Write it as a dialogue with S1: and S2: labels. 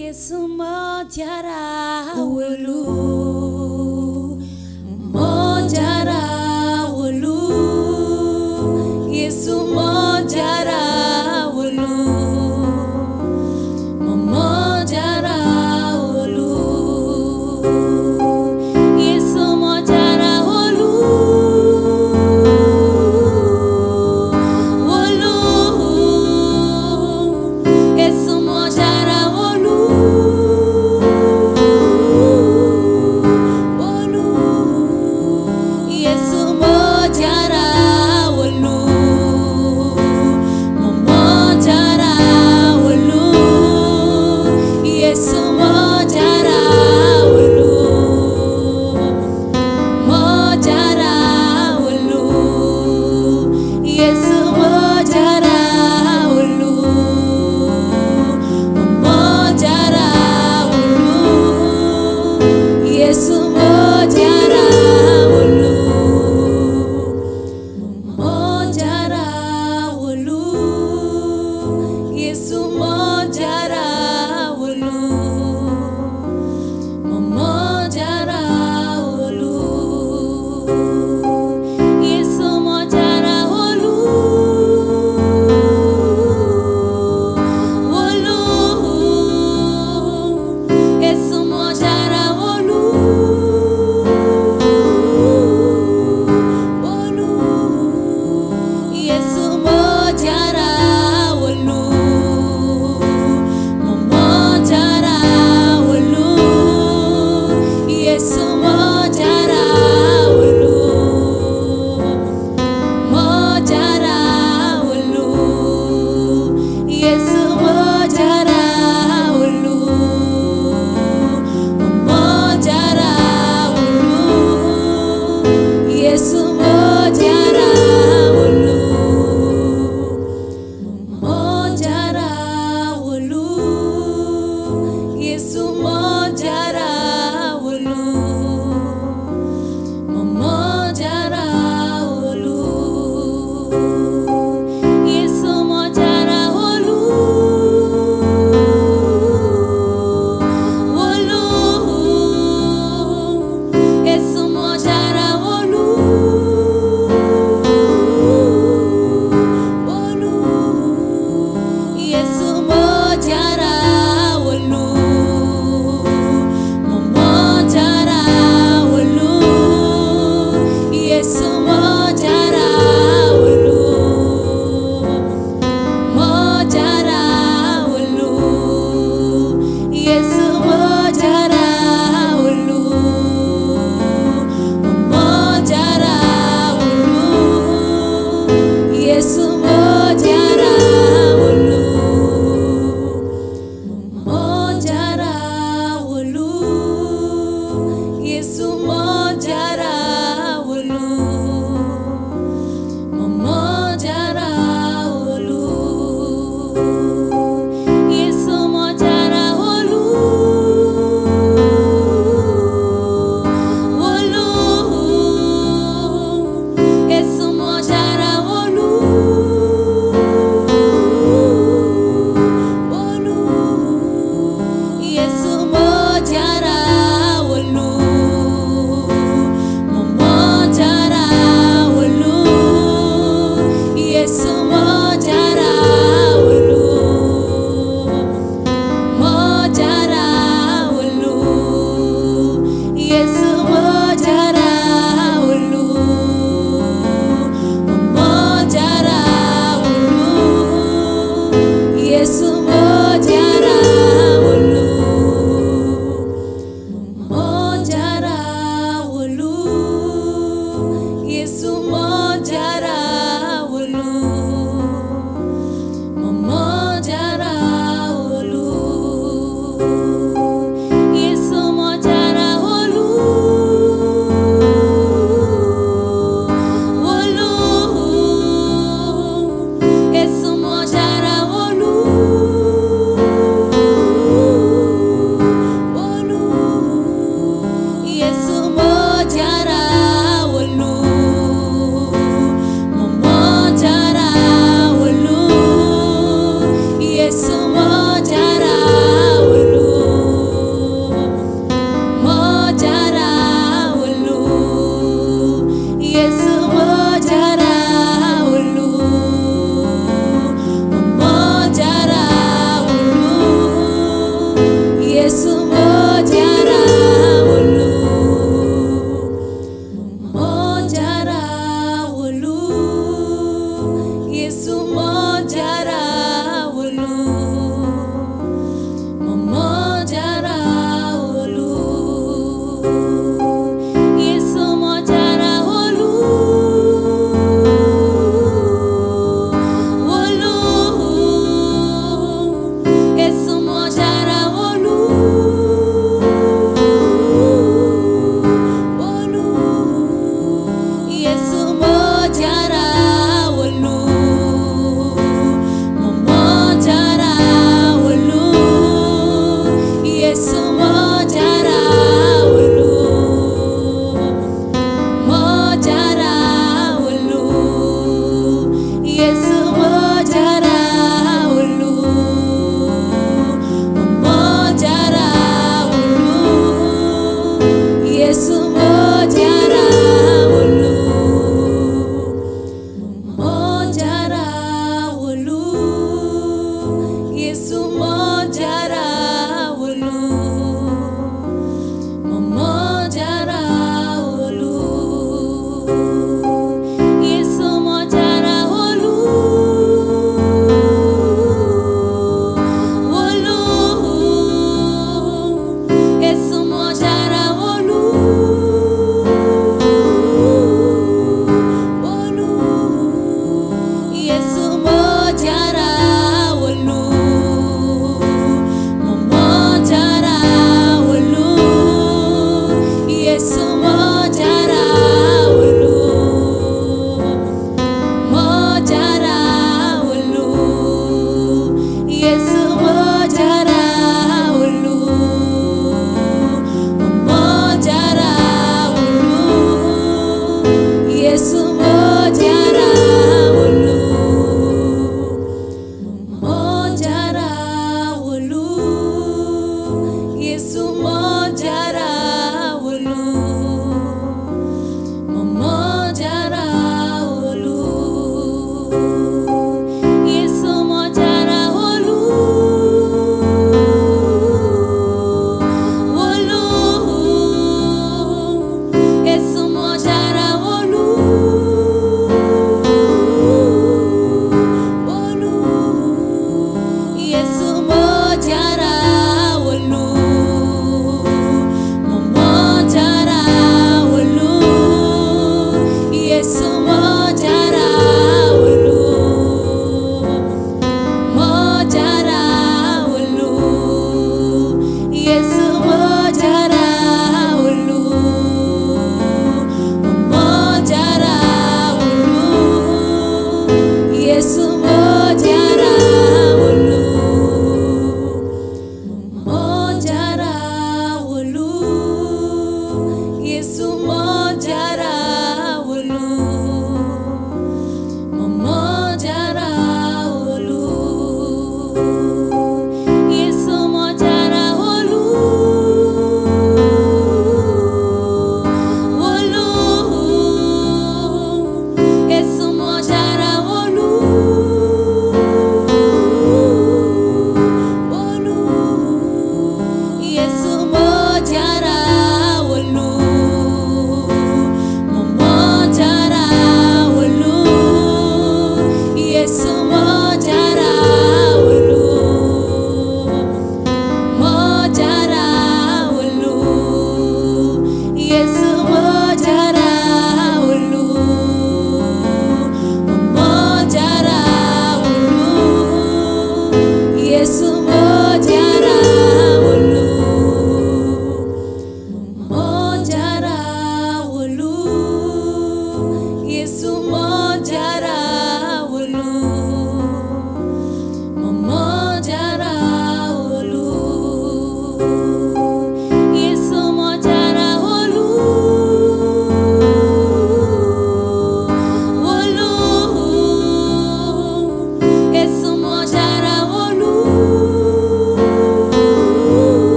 S1: Yesu mojara wulu mojara